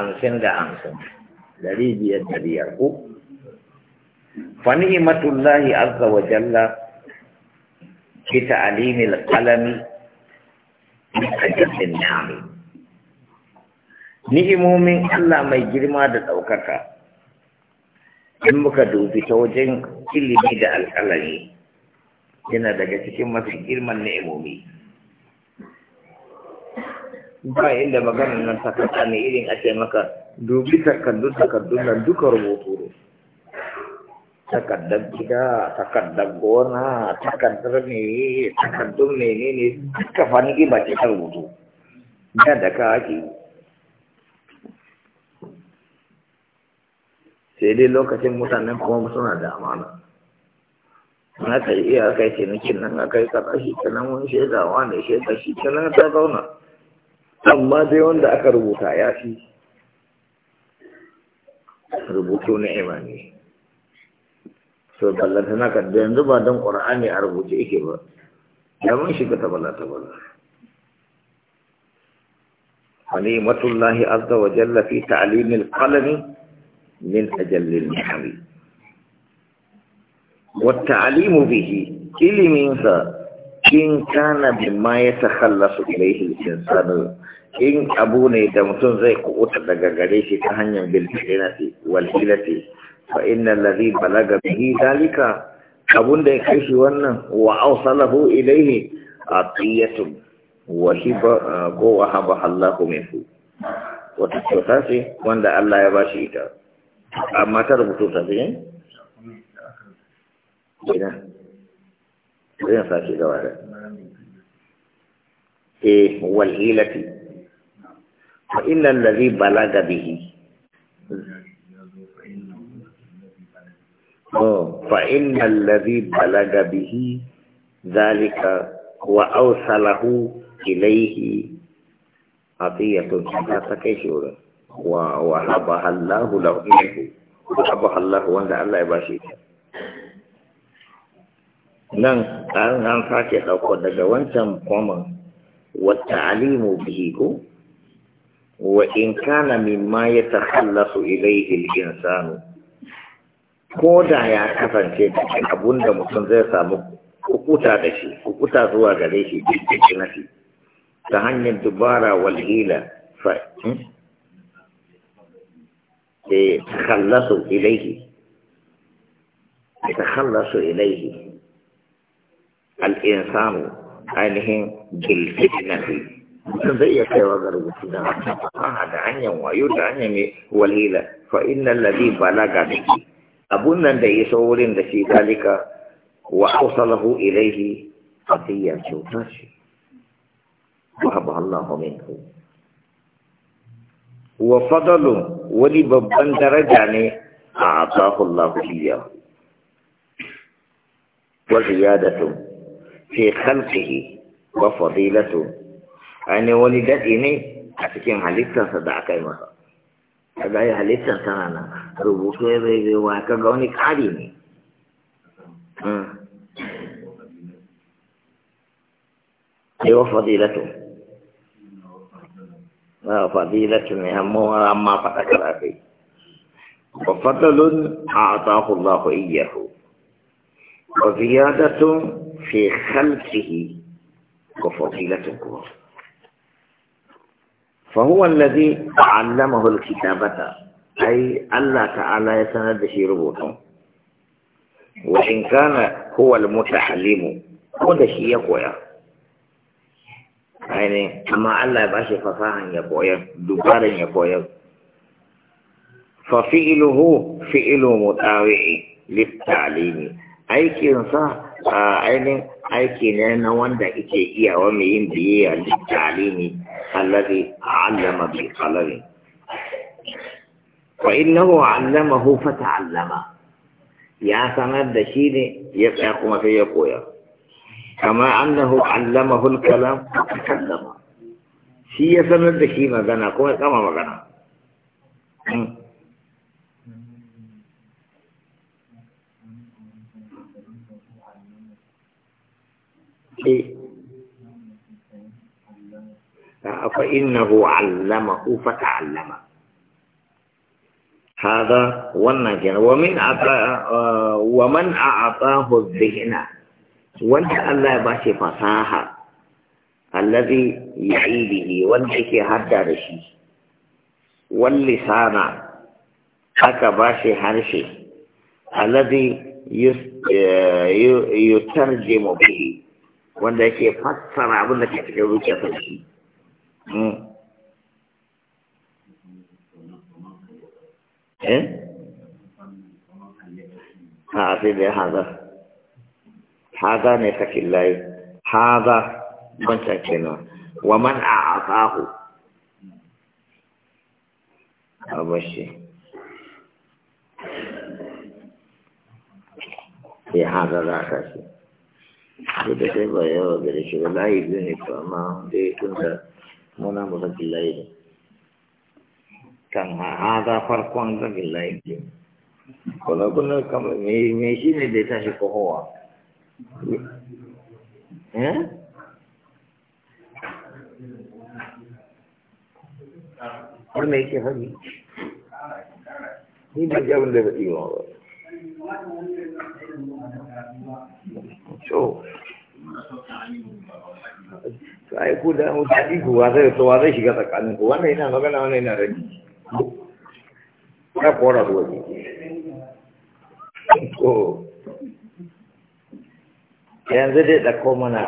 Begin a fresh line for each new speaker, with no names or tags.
hamsin da hamsin dari biyar da biyar ko fa ni'matullahi azza wa jalla fi ta'limil qalami min ajalin ni'ami ni'imomin Allah mai girma da ɗaukaka in muka dubi ta wajen ilimi da alƙalami yana daga cikin mafi girman ni'imomi ba inda maganar nan ta kasa ne irin ake maka dubi takardun takardun nan duka rubutu ne takardar gida takardar gona takardar ne takardun ne ne duka fani ba ce ta rubutu da da ka ake yi sai dai lokacin mutanen kuma suna da amana na ka yi iya kai ce nan aka yi kaɗa shi nan wani shaidawa ne shaida shi nan ta zauna amma dai wanda aka rubuta ya fi rubutu na imani so ballanta na ka da yanzu ba don ƙura'ani a rubuce yake ba ya mun shiga ta ballata ba wani matullahi azza wa jalla fi ta'limil qalami min ajallil nihami wa ta'limu bihi ilimin sa in kana bima yatakhallasu ilayhi al-insanu in abu ne da mutum zai kuɓuta daga gare shi ta hanyar walhila ce fa inna ladhi balaga bihi dalika abun da ya kai shi wannan wa ilaihi a atiyatu wa ba ko wa haba Allahu su wata kyauta ce wanda Allah ya ba shi ita amma ta rubutu ta ne ina zai sa shi gaba da eh walhilati fa illa allazi balaga bihi oh fa inna allazi balaga bihi zalika wa awsalahu ilayhi atiyatun ta shi wurin wa wa habaha nan an sake dauko daga wancan kwamon wata alimu bihi ko وإن كان مما يتخلص إليه الإنسان كودا يا كفن شيء أبونا دا مصنزة سامو كوكوتا دشي كوكوتا زوا غليشي جنتي تهني الدبارة والهيلة ف يتخلص إيه، إليه يتخلص إليه الإنسان ainihin bilfitnati mutum zai iya kaiwa ga rubutu da fasaha da hanyar wayo da hanyar mai walila fa inna ladhi balaga biki abun nan da ya wurin da shi dalika wa awsalahu ilayhi fatiya kyauta ce wahaba Allahu minhu wa fadalun wani babban daraja ne a atahu Allahu iyyahu wa ziyadatun fi khalqihi wa fadilatun ainihin wani daɗi ne a cikin halittarsa da aka yi masa a yi halittar tana nan rubutu ya zai zai wa ga wani ƙari ne hmm. ai wa fadilatu wa fadilatu ne amma amma faɗa karafi wa fadalun a atahu Allah iyyahu wa ziyadatun fi khalqihi wa fadilatun kuma فهو الذي علمه الكتابة أي الله تعالى يسند شيره وإن كان هو المتعلم هذا شيء يقوى يعني أما الله باشي فصاحا يقوى دبارا يقوى ففعله فعل متاوع للتعليم أي كنصح أي آه، يعني aiki ne na wanda ike iya wa mai yin biyayya da talimi alladhi allama bil qalami Wa innahu allamahu fa ta'allama ya sanar da shi ne ya tsaya kuma sai ya koya kama annahu allama al kalam fa ta'allama shi ya sanar da shi magana kuma ya kama magana hmm. eh fa innahu allamahu fa ta'allama hada wannan kenan wa min ata wa man a'atahu dhihna wanda Allah ya bashi fasaha allazi ya'idihi wanda yake hadda da shi wal lisana aka bashi harshe allazi eh, yutarjimu bihi wanda yake fassara abin da ke cikin zuciya ta shi hmm. eh a sai da haza haza ne sakin layi haza wancan kenan wa man a abashi ya haza za ka shi duk da kai ba yawa gare shi ba layi biyu ne to amma dai tun da muna musakin layi ne kan haza farkon zagin layi ne kuna kuna kama me shi ne da ya tashi kohowa eh yake ni jabin da ba to ai ku da mu dadi ku wa to wa shiga tsakanin ku wannan yana magana wannan yana rage ka kora ku to yanzu dai da